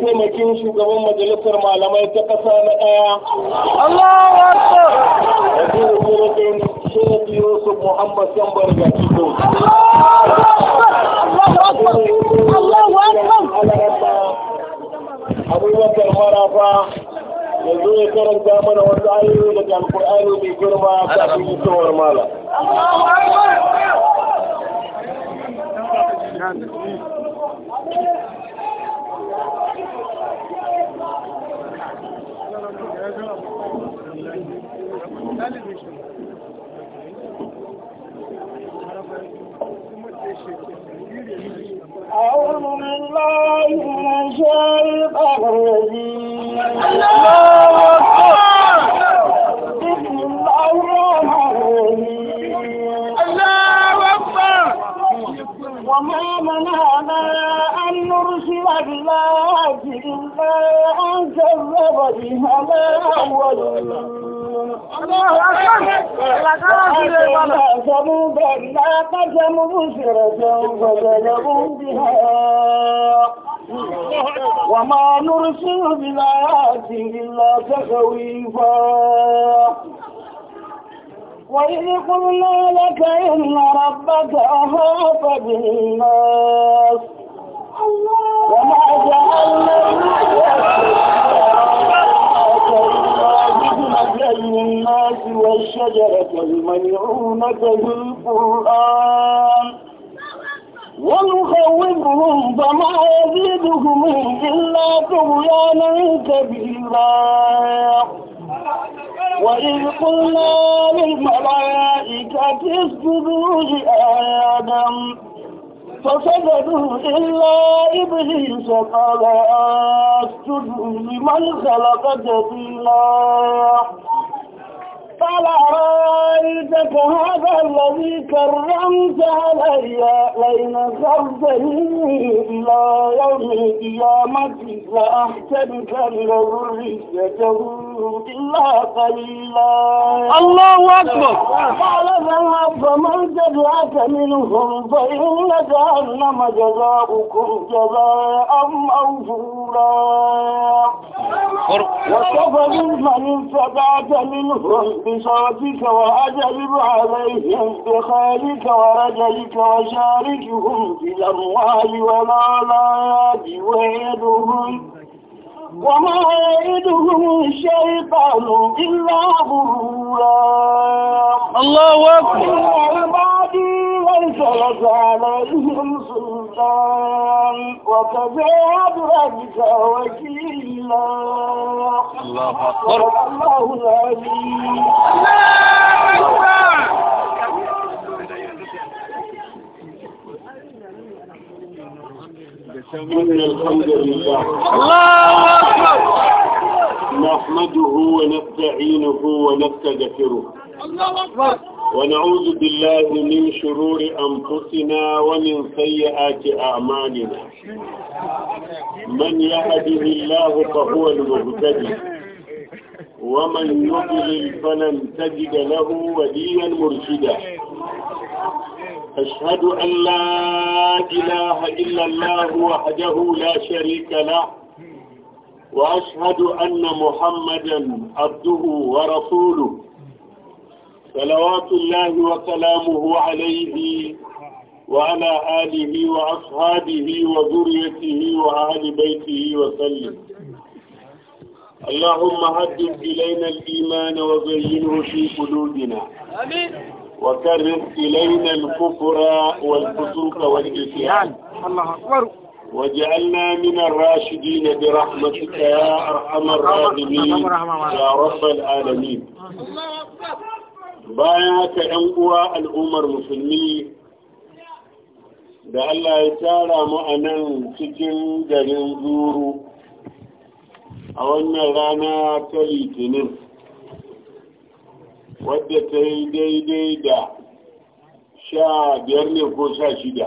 mataimakin shugaban majalisar malamai ta ƙasa na ɗaya. Allahu Akbar. Sheikh Yusuf Muhammad Sambar Gakido. Marafa ya zo ya karanta mana wasu ayoyi daga Alƙur'ani mai girma kafin fitowar mala. Allahu Akbar. أعوذ بالله من الشيطان الرجيم الله أكبر بسم الله الرحمن الرحيم الله أكبر وما منعنا أن نرسل بالله عما كذب بها الأولون وما نرسل بالآيات إلا تخويفا وإذ قلنا لك إن ربك أهاب بالناس الله والشجرة الملعونة في القرآن ونخوفهم فما يزيدهم إلا طغيانا كبيرا وإذ قلنا للملائكة اسجدوا لآدم فسجدوا إلا إبليس قال أسجد لمن خلق جبينا قال أرأيتك هذا الذي كرمت علي لئن خرجني إلى يوم القيامة لأحسنكن ذريته إلا قليلا الله أكبر قال ذهب فمن جزاك منهم فإن جهنم جزاؤكم جزاء موفورا وكفى ممن اتبعك منهم بصوتك وأجلب عليهم بخالك ورجلك وشاركهم في الأموال والأولاد ويدهم وما يعدهم الشيطان إلا غرورا الله أكبر لك عليهم سلطان وكفى بربك وكيلا الله أكبر الله العليم إن الحمد لله الله أكبر نحمده ونستعينه ونستغفره الله أكبر ونعوذ بالله من شرور أنفسنا ومن سيئات أعمالنا من يهده الله فهو المهتدي ومن يضلل فلن تجد له وليا مرشدا أشهد أن لا إله إلا الله وحده لا شريك له وأشهد أن محمدا عبده ورسوله صلوات الله وسلامه عليه وعلى آله وأصحابه وذريته وأهل بيته وسلم اللهم هدد إلينا الإيمان وزينه في قلوبنا آمين وكرر إلينا الكفر والفسوق والإسيان وجعلنا واجعلنا من الراشدين برحمتك يا أرحم الراحمين يا رب العالمين الله أكبر bayan haka ‘yan uwa al'ummar musulmi da Allah ya tara mu a nan cikin garin zuru a wannan rana ta litinin wadda ta yi daidai da sha biyar ne ko sha shida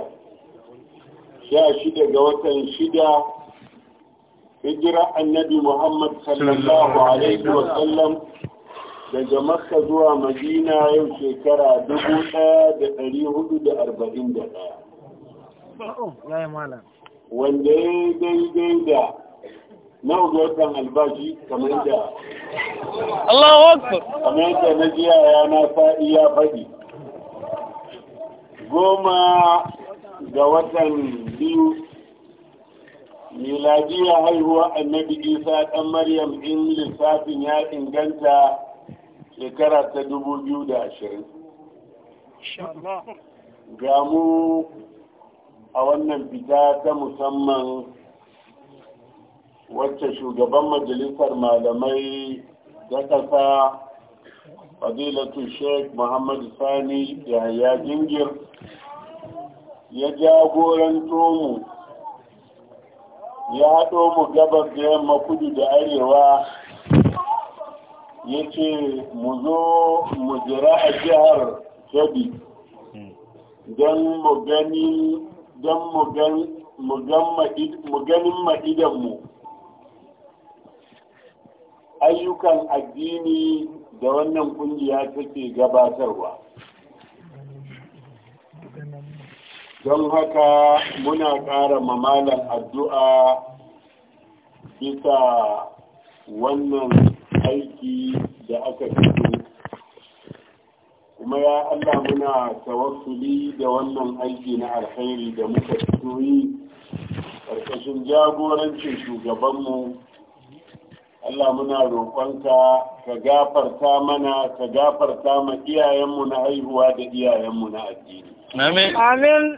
sha shida ga watan shida hijira annabi muhammad sallallahu alaihi wasallam daga makka zuwa madina yau shekara dubu ɗaya da ɗari hudu da arba'in da ɗaya wanda ya daidai da nawa albashi kamar da kamar da na jiya ya na fa'i ya faɗi goma ga watan biyu miladiyar haihuwa annabi isa ɗan maryam in lissafin ya inganta shekara ta dubu biyu da ashirin ga a wannan fita ta musamman wacce shugaban majalisar malamai ta ƙasa fadilatu sheikh muhammad sani yahaya jingir ya jagoranto mu ya haɗo mu gabar da yamma kudu da arewa ya ce mu zo mu jira a jihar kebbi hmm. don mu gani don mu ganin ma'idanmu ayyukan addini da wannan kungiya take gabatarwa don haka muna ƙara mamalan addu'a bisa wannan aiki da aka fito kuma ya Allah muna tawassuli da wannan aiki na alkhairi da muka fito yi ƙarƙashin jagorancin shugabanmu Allah muna roƙonka ka gafarta mana ka gafarta ma iyayenmu na haihuwa da iyayenmu na addini. Amin. Amin.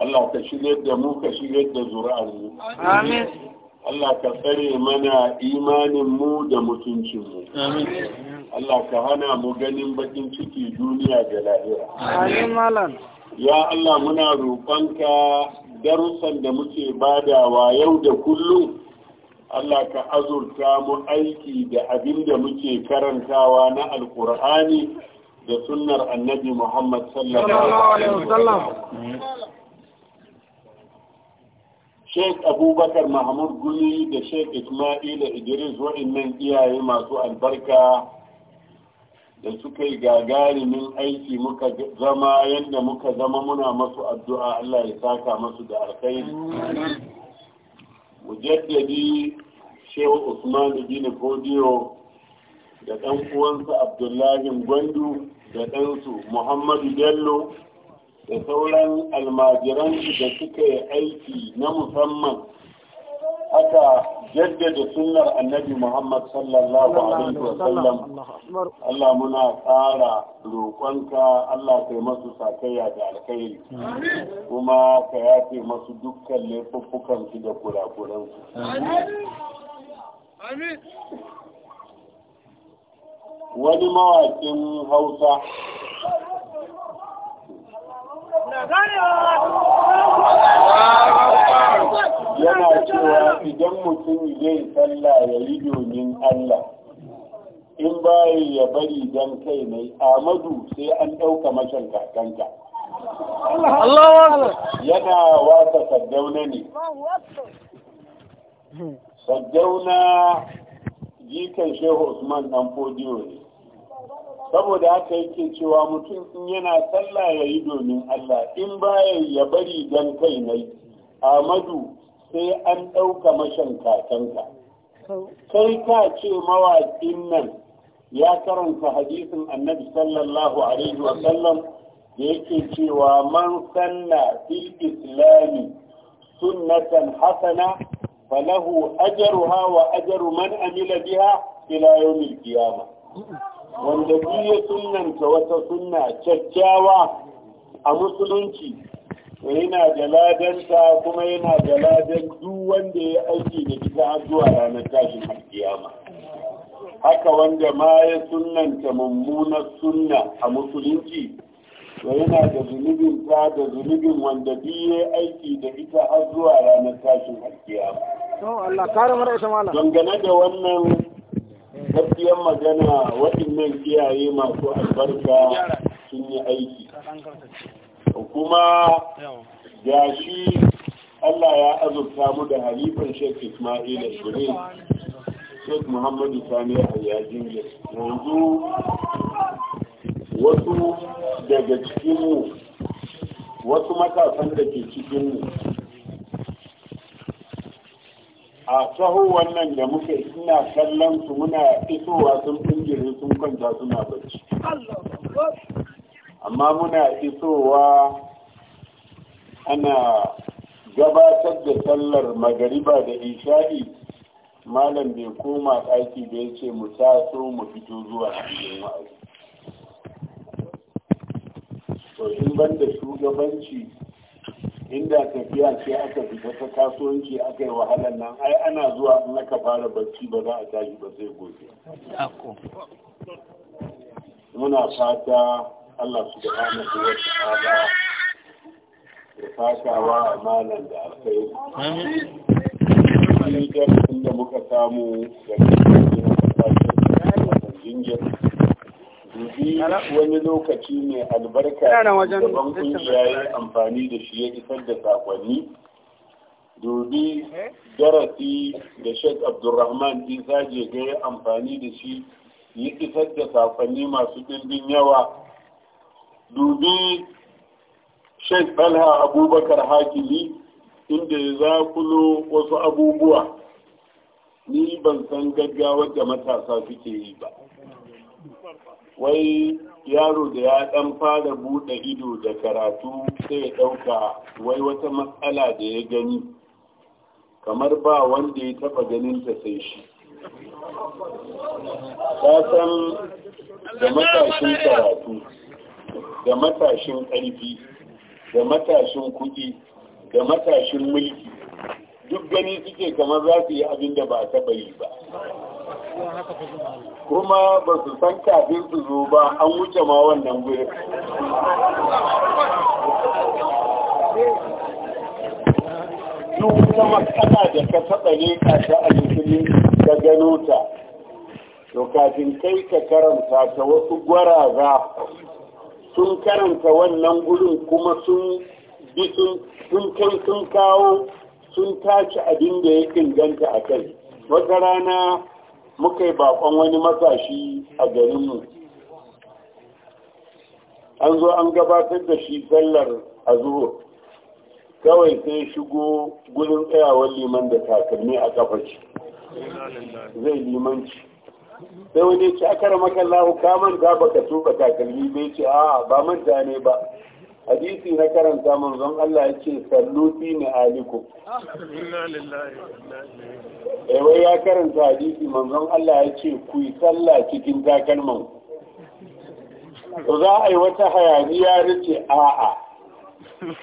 Allah ka shigar da mu ka shigar da zuri'ar mu. Amin. Allah ka tsare mana imanin mu da mutuncinmu. Allah ka hana mu ganin bakin ciki duniya da lahira. Ya Allah muna roƙonka darussan da muke badawa yau da kullum. Allah ka azurta mu aiki da abin da muke karantawa na Alƙur'ani da sunnar annabi Muhammad sallallahu Alaihi wasallam. Sheikh Abubakar Mahmud guni da Sheikh Ismaila Idris waɗannan iyaye masu albarka da suka yi gagarumin aiki muka zama yadda muka zama muna masu addu'a Allah ya saka masu da alkhairi. Mujaddadi Shehu Usman Ibn kodiyo da ɗan uwansa Abdullahi Gwandu da ɗansu Muhammadu Bello da sauran almajiran da suka yi aiki na musamman aka jaddada sunnar annabi muhammad sallallahu alaihi wasallam allah muna tsara roƙonka allah yi masu sakayya da alkhairi kuma ka yafe masu dukkan laifuffukansu da kurakuransu wani mawakin hausa yana cewa idan mutum zai sallah ya yi domin Allah in bayi ya bari don kai mai amadu sai an ɗauka mashan kakanta. yana wasa saddauna ne saddauna jikan shehu usman ɗan fodiyo ne saboda haka yake cewa mutum in yana sallah ya yi domin Allah in baya ya bari don kai nai Amadu sai an ɗauka mashan kakanka kai ka ce mawaƙin nan ya karanta hadisin annabi sallallahu alaihi wa sallam da yake cewa man sanna fil islami sunnatan hasana falahu ajruha wa ajru man amila biha ila yawmil qiyamah wanda duk ya sunanta wata sunna kyakkyawa a musulunci yana da ladanta kuma yana da ladan duk wanda ya aiki da ita har zuwa ranar tashin alkiyama haka wanda ma ya sunanta mummunar sunna a musulunci to yana da zunubin ta da zunubin wanda biye aiki da ita har zuwa ranar tashin alkiyama. Don Allah, kare mara ita mala. Dangane da wannan gaskiyar magana waɗannan kiyaye masu albarka sun yi aiki kuma ga shi Allah ya azurta mu da halifan Sheikh Ismail Shirin Sheikh Muhammadu Sani Ayyajin yanzu wasu daga cikinmu wasu matasan da ke cikinmu a tsaho wannan da muka ina kallon su muna isowa sun kungiyar sun kwanta suna bacci amma muna isowa ana gabatar da sallar magariba da isha'i malam bai koma ɗaki da ya ce mu taso mu fito zuwa cikin wa'azi to in ban da shugabanci inda tafiya ce aka fita ta kasuwanci aka yi wahalar nan ai ana zuwa in aka fara barci ba za a tashi ba zai gobe muna fata Allah su da hana su wata ala da fatawa a malam da alkai wani da muka samu da kuma jingir wani lokaci ne albarka gaban kungiya ya amfani da shi ya isar da sakonni. Dubi eh? darasi da Sheikh Abdulrahman Isa ga ya amfani da shi ya isar da sakonni masu ɗimbin yawa. Dubi Sheikh Talha Abubakar Hakimi inda ya zakulo wasu abubuwa. Ni ban san gaggawar da matasa suke yi ba. wai yaro da ya dan fara buɗe ido da karatu sai ya ɗauka wai wata matsala da ya gani kamar ba wanda ya taɓa ta sai shi san da matashin karatu da matashin ƙarfi da matashin kuɗi da matashin mulki duk gani suke kamar za su yi abin da ba taɓa yi ba kuma ba su san kafin su zo ba an wuce ma wannan guri duk kuma kana da ka taɓa ne ka ta a ka gano ta to kafin kai ka karanta ta wasu gwaraza sun karanta wannan gurin kuma sun bi sun kai sun kawo sun tashi abin da ya inganta a kai wata rana muka yi bakon wani matashi a garinmu an zo an gabatar da shi sallar a zuwa kawai sai shigo gudun tsayawar liman da takalmi a kafaci zai limanci sai wani ce aka ramakan lahu ka manta baka tuba takalmi bai ce a ba manta ne ba hadisi na karanta zan Allah ya ce salluti ni aliku wai ya karanta hadisi manzon Allah ya ce ku yi sallah cikin takalman to za a yi wata hayaniya rike a a'a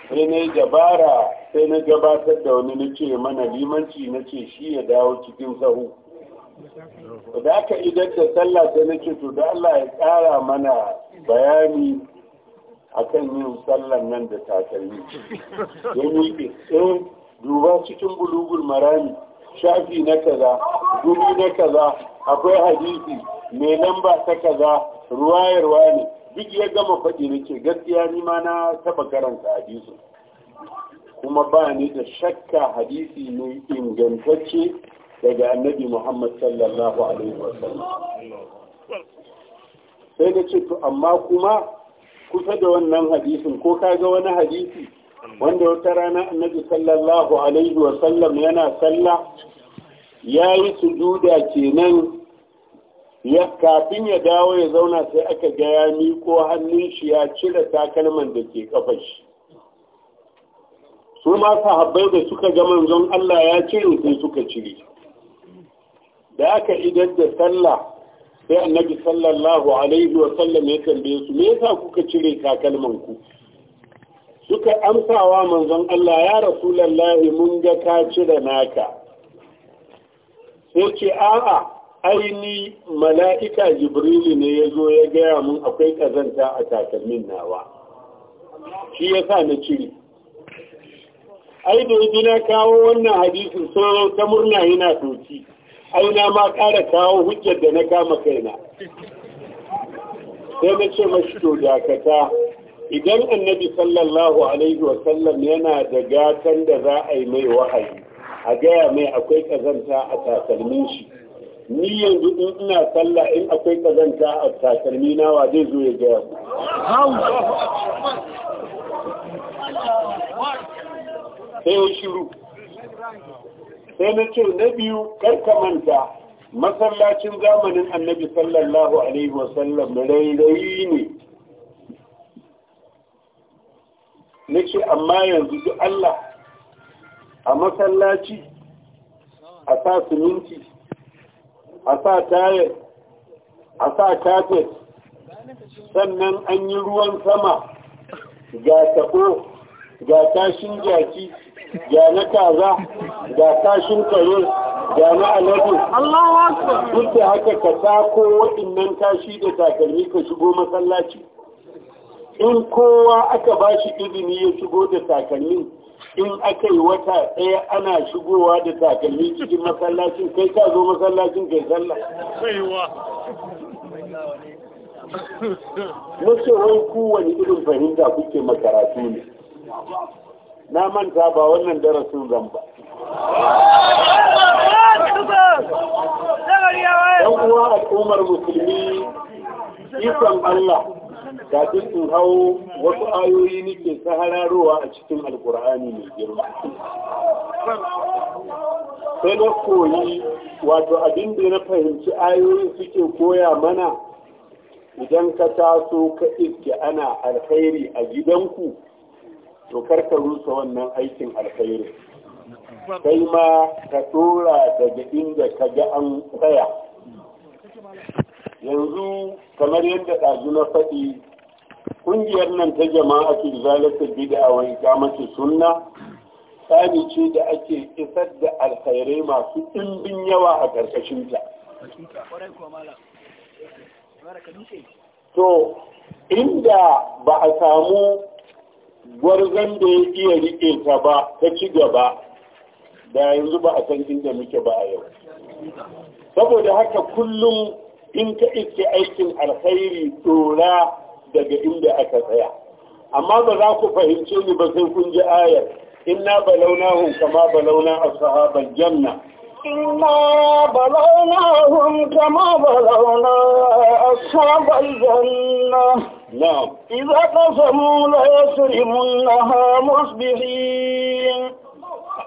sai na dabara sai na gabatar da wani na ce mana limanci na ce shi ya dawo cikin sahu da aka idan da sallah sai na to da Allah ya ƙara mana bayani akan yin sallan nan da takalmi don ke eh, in duba cikin bulugul marami shafi na kaza dubu na kaza akwai hadisi mai lamba ta kaza ruwayarwa ne duk ya gama faɗi ke gaskiya ni ma na taɓa karanta hadisin kuma ba ni da shakka hadisi ne ingantacce daga annabi Muhammad sallallahu alaihi wasallam sai da ce to amma kuma kusa da wannan hadisin ko ka ga wani hadisi wanda wata rana annabi sallallahu alaihi wa sallam yana sallah ya yi sujuda kenan ya kafin ya dawo ya zauna sai aka ga ya miƙo hannun shi ya cire takalman da ke kafa shi su ma sahabbai da suka ga manzon Allah ya cire sai suka cire da aka idar da sallah sai annabi sallallahu alaihi wa sallam ya tambaye su me yasa kuka cire takalman ku suka amsawa manzon Allah ya rasulullahi mun ga ka cire naka sai ce a'a aini mala'ika jibrilu ne ya zo ya gaya mun akwai kazanta a takalmin nawa shi yasa na cire ai da na kawo wannan hadisin sai ta murna yana doki ai na ma ƙara kawo hujjar da na kama kaina sai na ce mashi to dakata idan annabi sallallahu alaihi wasallam yana da gatan da za a yi mai wahayi a gaya mai akwai kazanta a takalmin shi ni yanzu in ina sallah in akwai kazanta a takalmi na zai zo ya gaya ku sai ya shiru sai na ce na biyu karka manta masallacin zamanin annabi sallallahu alaihi wasallam rairayi ne Na ce amma yanzu duk Allah a masallaci a sa siminti a sa tayar a sa kafet sannan an yi ruwan sama ga taɓo ga tashin jaki ga na kaza ga kashin kare na ma'anabi duk da haka ka tako waɗannan kashi da takalmi ka shigo masallaci in kowa aka ba shi izini ya shigo da takalmi in aka yi wata ɗaya ana shigowa da takalmi cikin masallacin kai ka zo masallacin kai sallah na ce wai ku irin fahimta kuke makaratu ne na manta ba wannan darasin zan ba yan uwa al'ummar musulmi ikon Allah kafin in hau wasu ayoyi nake sahararowa a cikin alkur'ani mai girma sai na koyi wato abin da na fahimci ayoyi suke koya mana idan ka taso ka iske ana alkhairi a gidanku to karka rusa wannan aikin alkhairi kai ma ka tura daga inda ka ga an tsaya yanzu kamar yadda ɗazu na faɗi ƙungiyar nan ta jama'a ke zalata bid'a wa ikamatu sunna tsari ce da ake isar da alkhairai masu ɗimbin yawa a ƙarƙashin ta. to inda ba a samu gwarzon da ya iya riƙe ta ba ta ci gaba da yanzu ba a san inda muke ba a yau saboda haka kullum in ka iske aikin alkhairi tsora daga inda aka tsaya amma ba za ku fahimce ni ba sai kun ji ayar inna balaunahum kama balauna ashabal janna إنا بلوناهم كما بلونا أصحاب janna نعم إذا قسموا ليسرمنها مصبحين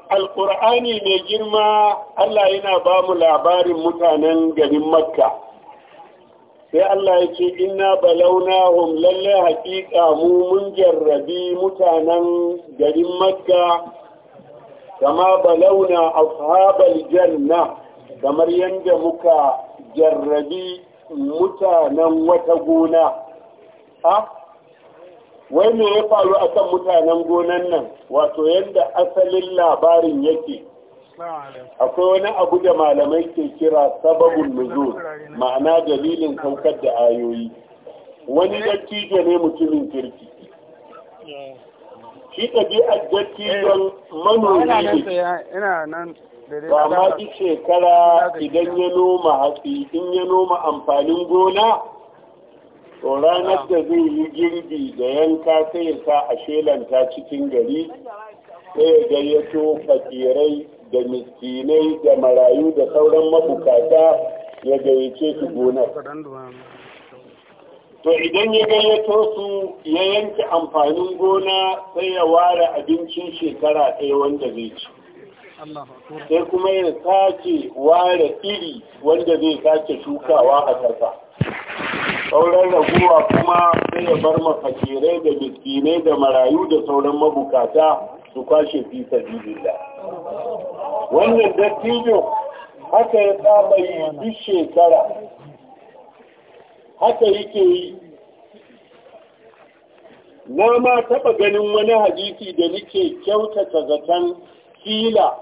alƙur'ani mai girma Allah yana ba mu labarin mutanen garin makka sai Allah ya ce balauna balaunahum lalle haƙiƙa mu mun jarrabi mutanen garin makka kama balauna ashabal janna kamar yadda muka jarrabi mutanen wata gona ha wai me ya faru a kan mutanen gonan nan wato yadda asalin labarin yake akwai wani abu da malamai ke kira sababin nuzul ma'ana dalilin kaukar da ayoyi wani dattijo ne mutumin kirki shi ɗabi'ar dattijon manomi ne eh, ba ma shekara idan ya noma hatsi in ya noma amfanin gona ranar da zai yi girbi da yanka sai sa a shelanta cikin gari sai ya gayyato fakirai da miskinai da marayu da sauran mabukata ya gayyace su gonar to idan ya gayyato su ya yanke amfanin gona sai ya ware abincin shekara ɗaya wanda zai ci sai kuma ya sake ware iri wanda zai sake shukawa a ƙasa sauran raguwa kuma sai ya bar mafakirai da miskinai da marayu da sauran mabukata su kwashe fi sabilillah wannan dattijo haka ya saba yi duk shekara haka yake yi na ma taba ganin wani hadisi da nake kyautata zaton fila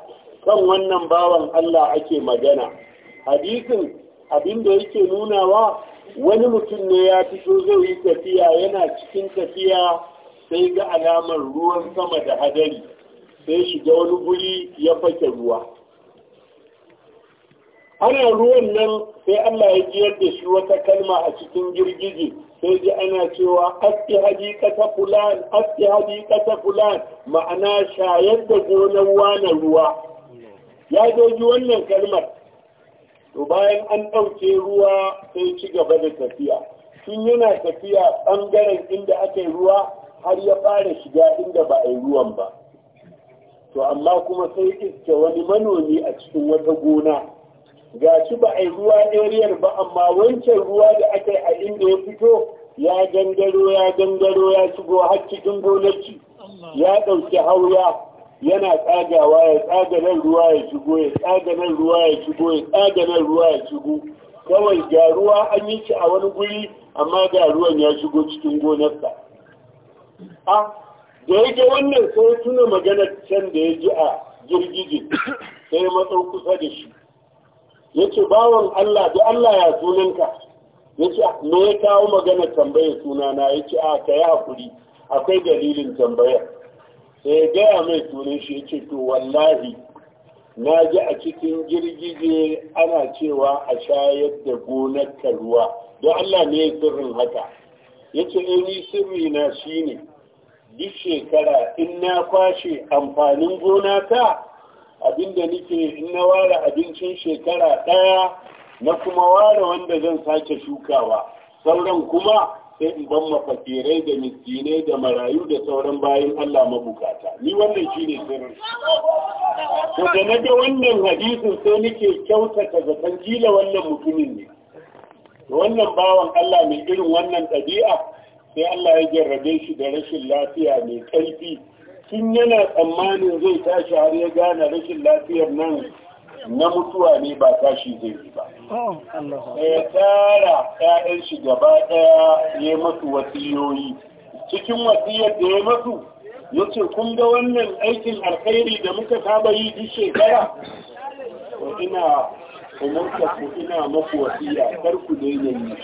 kan wannan bawan Allah ake magana hadisin abinda yake nunawa wani mutum ne ya fito zai yi tafiya yana cikin tafiya sai ga alamar ruwan sama da hadari sai shiga wani guri ya fake ruwa ana ruwan nan sai Allah ya jiyar da shi wata kalma a cikin girgije sai ji ana cewa aski hadikata fulan aski hadikata fulan ma'ana shayar da gonar wane ruwa ya doji wannan kalmar to bayan an ɗauke ruwa sai ci gaba da tafiya tun yana tafiya ɓangaren inda aka yi ruwa har ya fara shiga inda ba a yi ruwan ba to amma kuma sai iske wani manomi a cikin wata gona ga shi ba a yi ruwa ariyar ba amma wancan ruwa da aka yi a inda ya fito ya gangaro ya gangaro ya shigo har cikin gonarci ya ɗauki hauya yana tsagawa ya tsaga nan ruwa ya shigo ya tsaga nan ruwa ya shigo ya tsaga nan ruwa ya shigo kawai ga ruwa an yi shi a wani guri amma ga ruwan ya shigo cikin gonarsa a da ya ga wannan sai tuna maganar can da ya ji a girgije sai matsau kusa da shi ya ce bawan Allah da Allah ya sunanka ya ce ah, me ya kawo maganar tambayar sunana ya ce a ah, ka yi hakuri akwai dalilin tambayar sai eh, ya gaya mai turin shi ya ce to wallahi na ji a cikin girgije ana cewa a shayar da gonar ka ruwa don Allah ne ya sirrin haka ya ce eh, ni sirri na shi ne duk shekara in na kwashe amfanin gona ta abinda nike in na ware abincin shekara ɗaya na kuma ware wanda zan sake shukawa sauran kuma sai in ban mafakirai da miskinai da marayu da sauran bayan Allah mabukata ni wannan shine sirri Ko da naga wannan hadisin sai nake kyautata ga kila wannan mutumin ne wannan bawan Allah mai irin wannan ɗabi'a sai Allah ya jarrabe shi da rashin lafiya mai ƙarfi tun yana tsammanin zai tashi har ya gane rashin lafiyar nan na mutuwa ne ba tashi zai yi ba da oh, ‘ya'yan shi gaba ɗaya ya masu wasiyoyi cikin wasiyar da ya masu ya kun ga wannan aikin alkhairi da muka saba yi duk shekara ko ina umurta ku ina maku wasiya kar ku daina yi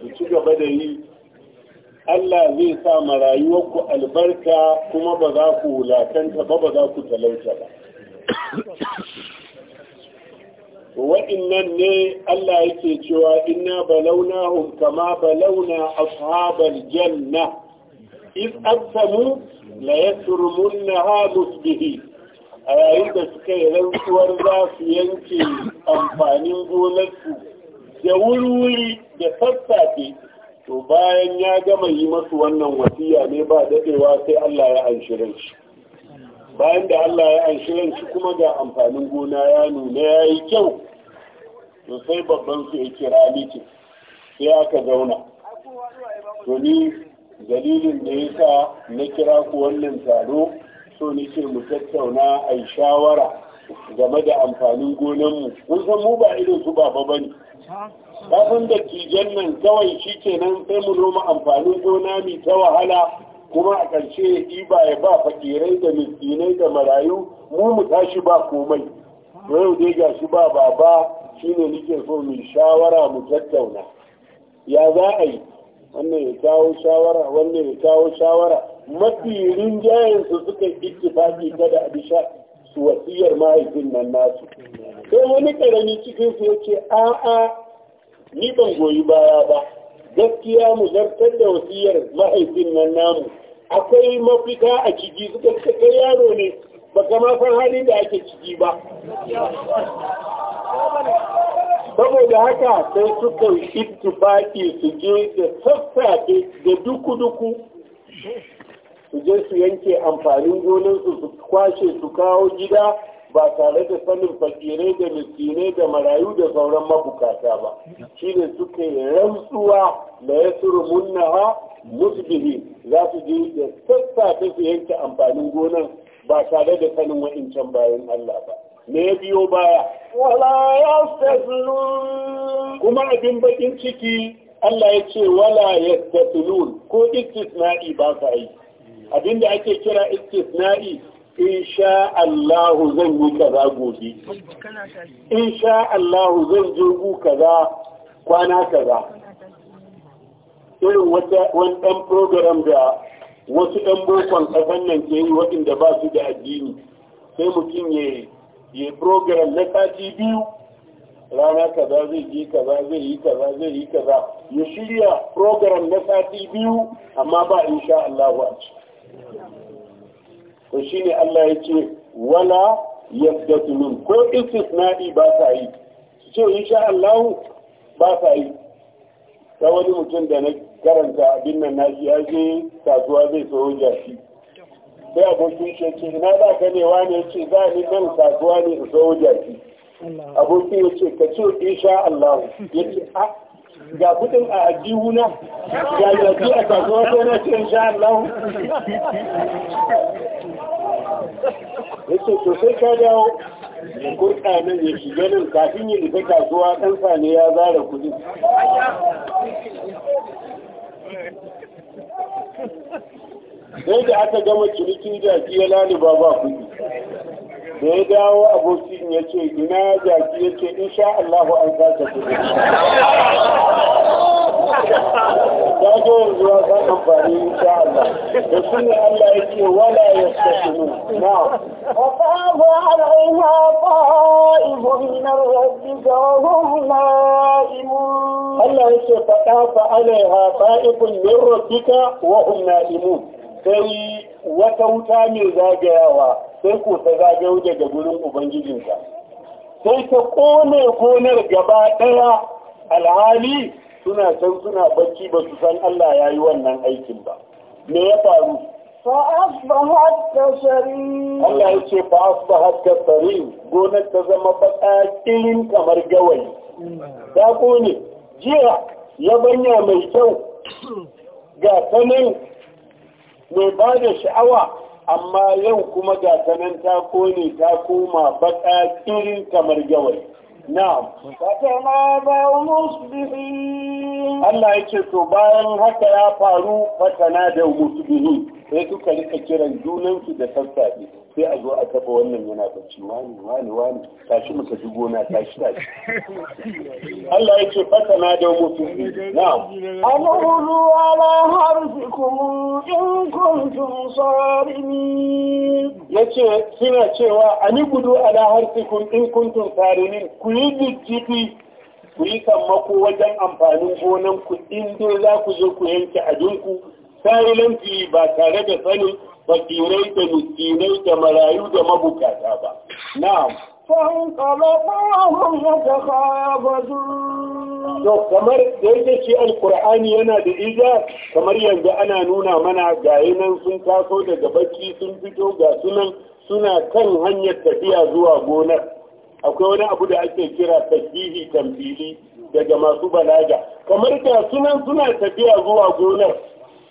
ku ci gaba da yi Allah zai sa ma rayuwarku albarka kuma ba za ku wulakanta ba ba za ku talauta ba waɗannan ne Allah yake cewa inna balawnahum kama balawna ashabal janna iz aqsamu la yasrumunha bihi. a yayin da suka yi rantsuwar za su yanke amfanin gonarsu da wuri da sassafe to bayan ya gama yi masu wannan wasiya ne ba daɗewa sai Allah ya anshirin shi bayan da Allah ya anshi shi kuma ga amfanin gona ya nuna ya yi kyau to sai babban su ya kira mitin sai aka zauna to ni dalilin da ya sa na kira ku wannan taro so ni ce mu tattauna a yi shawara game da amfanin gonanmu kun san mu ba irin su baba bane kafin da tijan nan kawai shi kenan sai mu noma amfanin gona mai ta wahala kuma a ƙarshe ya ɗiba ya ba faɗirai da miskinai da marayu mu mu tashi ba komai yau dai ga shi ba baba shine nike so mu shawara mu tattauna ya za a yi wannan ya kawo shawara wannan ya kawo shawara mafi rinjayen su suka ittifaki kada a bisha su wasiyar mahaifin nan nasu sai wani ƙarami cikin su ce a'a ni ban goyi baya ba gaskiya mu zartar da wasiyar mahaifin nan namu akwai mafita a ciki suka kaka yaro ne ba kama san halin da ake ciki ba saboda haka sai suka ittifaki su je da sassafe da duku-duku su je su yanke amfanin gonar su su kwashe su kawo gida ba tare da sanin fakirai da miskinai da marayu da sauran mabukata ba shi ne suka yi rantsuwa da ya suru munnaha musbihi za su je da sassafe su yanke amfanin gonan ba tare da sanin wa'incan bayan Allah ba me ya biyo baya wala yastaslun kuma abin bakin ciki Allah ya ce wala yastaslun ko istisna'i ba sa yi abinda ake kira istisna'i insha Allahu zan yi kaza gobe insha Allahu zan je gu kaza kwana kaza irin wani ɗan program da wasu ɗan bokon ƙasar nan ke yi waɗanda ba su da addini sai mutum ya yi program na sati biyu rana kaza zai je kaza zai yi kaza zai yi kaza ya shirya program na sati biyu amma ba insha Allahu a ciki shi shine Allah ya ce wala yabdatulun ko istisna'i ba sa yi su ce insha Allah ba sa yi ta wani mutum da na karanta abin nan na ya je kasuwa zai sayo shi sai abokin shi ce ina za ka ne wani ce za ni nan kasuwa ne in sayo shi abokin ya ce ka ce insha Allah ya ce a ah, ga kudin a ajihu na ga yanzu a kasuwa ko na ce insha Allah yace to sai ka dawo kurka nan ya shiga nan kafin ya ita kasuwa ɗan sani ya zara kudin sai da aka gama ciniki da ya laluba ba kudi da ya dawo abokin ya ce ina jaki ya ce insha Allahu an sace da ya ga yanzu ya san amfani insha Allah da sunan Allah ya ce wala ya na'am wa qawa alaina qa'ibun min rabbika wa hum na'imun Allah ya ce fa qawa alaiha qa'ibun min rabbika wa hum sai wata wuta mai zagayawa sai ko ta zaje daga da gurin ubangijinka sai ta kone gonar gaba daya alhali suna can suna bacci ba su san Allah ya yi wannan aikin ba me ya faru fa'asbahat kasharin Allah ya ce fa'asbahat kasharin gonar ta zama bakakin kamar gawayi ta kone jiya ya banya mai kyau ga sanin mai ba da sha'awa amma yau kuma ga sanan ta kone ta koma baka tsirin kamar gawai na'am ba musbihin Allah yake to bayan haka ya faru da musbihin sai suka rika kiran junansu da sassafe sai a zo a taba wannan yana bacci wani wani wani tashi muka ji gona tashi tashi Allah ya ce fata na da mutu na? an ulu ala harfikum in kuntum ya yace suna cewa ani gudu ala harfikum in kuntum sarimin ku yi jijjiti ku yi sammako wajen amfanin gonan ku in za ku je ku yanke ajinku sa'ilanci ba tare da sanin fakirai da miskinai da marayu da mabukata ba na'am to kamar da yake al alkur'ani yana da iza kamar yanzu ana nuna mana gaye nan sun taso daga baki sun fito ga sunan suna kan hanyar tafiya zuwa gonar akwai wani abu da ake kira tasbihi tamfili daga masu balaga kamar ga sunan suna tafiya zuwa gonar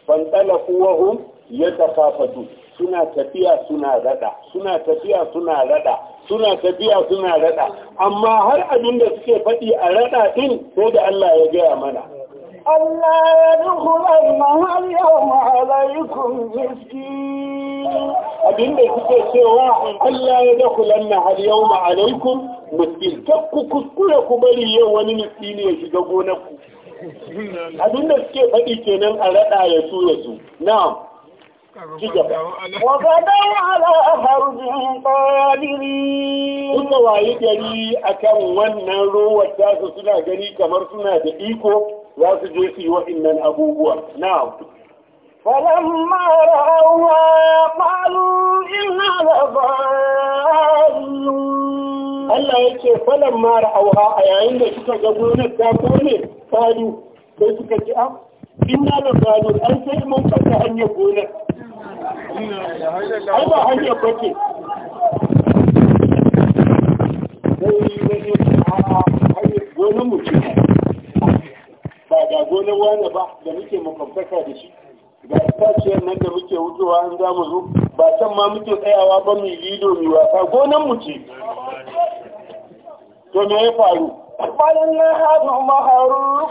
fantala kuwahum ya tafafatu suna tafiya suna rada suna tafiya suna rada suna tafiya suna rada amma har abin da suke faɗi a rada din sai da Allah ya gaya mana Allah ya dukkan mahal yawma alaikum miskin abinda suke cewa Allah ya dukkan mahal yawma alaikum miskin ku kuskure ku bari yau wani ne ya shiga gonarku abinda suke faɗi kenan a raɗa ya su ya su na'am وغدوا على هرب قادرين suka wayi gari a kan wannan rowar su suna gani kamar suna da iko za su je su yi waɗannan abubuwa na فلما رأوها قالوا إنا لضالون Allah ya ce falon mara auha a yayin da suka ga gonar ta kone kalu sai suka ji a ah, Ina da an sai mun kasa hanyar gonar ai ba hanyar ba da gonar wane ba da muke makwabtaka da shi nan da muke an mu ba can ma muke tsayawa ba mu lido wasa gonar mu ce to me ya faru bayan na hadu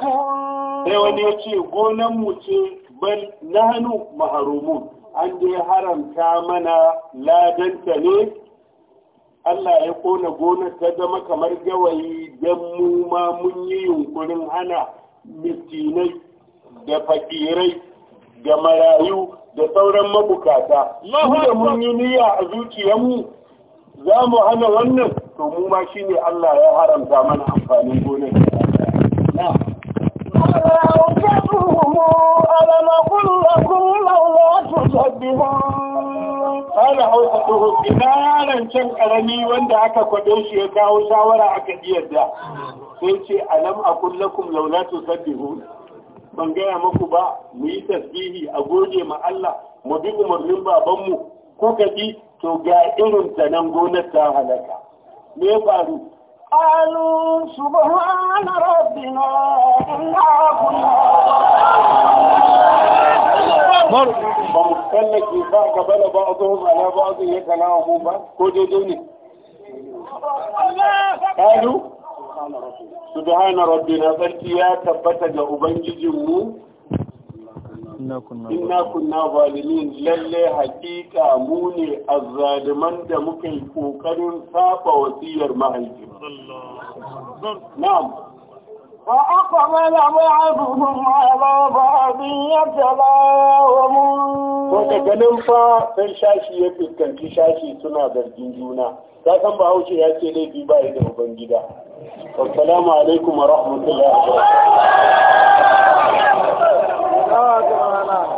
sai wani ya ce gonar ce bal nahnu maharumun an je haramta mana ladanta ne Allah ya kona gonar ta zama kamar gawayi don mu ma mun yi yunkurin hana miskinai da fakirai da marayu da sauran mabukata da mun yi niyya a zuciyarmu za mu hana wannan to mu ma shi ne Allah ya haramta mana amfanin gonar ta. منهم ألم قل لكم لولا تسبحون قال حوصته ina rancen karami wanda aka kwado shi ya kawo shawara aka yadda sai ce alam a kullakum laula tusabbihu ban gaya maku ba mu yi tasbihi a goge ma Allah mu bi umarnin babanmu ko ka ji to ga irin ta nan gonar ta halaka me ya faru قالوا سبحان ربنا إنا كنا مر بمختلك ba قبل بعضهم على بعض يتناهم ba ko daidai ne قالوا subhana rabbina sarki ya tabbata ga ubangijinmu inna kunna zalimin lalle hakika mu ne azzaliman da muka yi kokarin saba wasiyar mahaifi na'am fa aqbala ko fa sai shashi ya fuskanci shashi suna zargin juna ka san bahaushe ya ce laifi ba da ubangida assalamu alaikum wa rahmatullahi wa barakatuh Obrigado, Renato.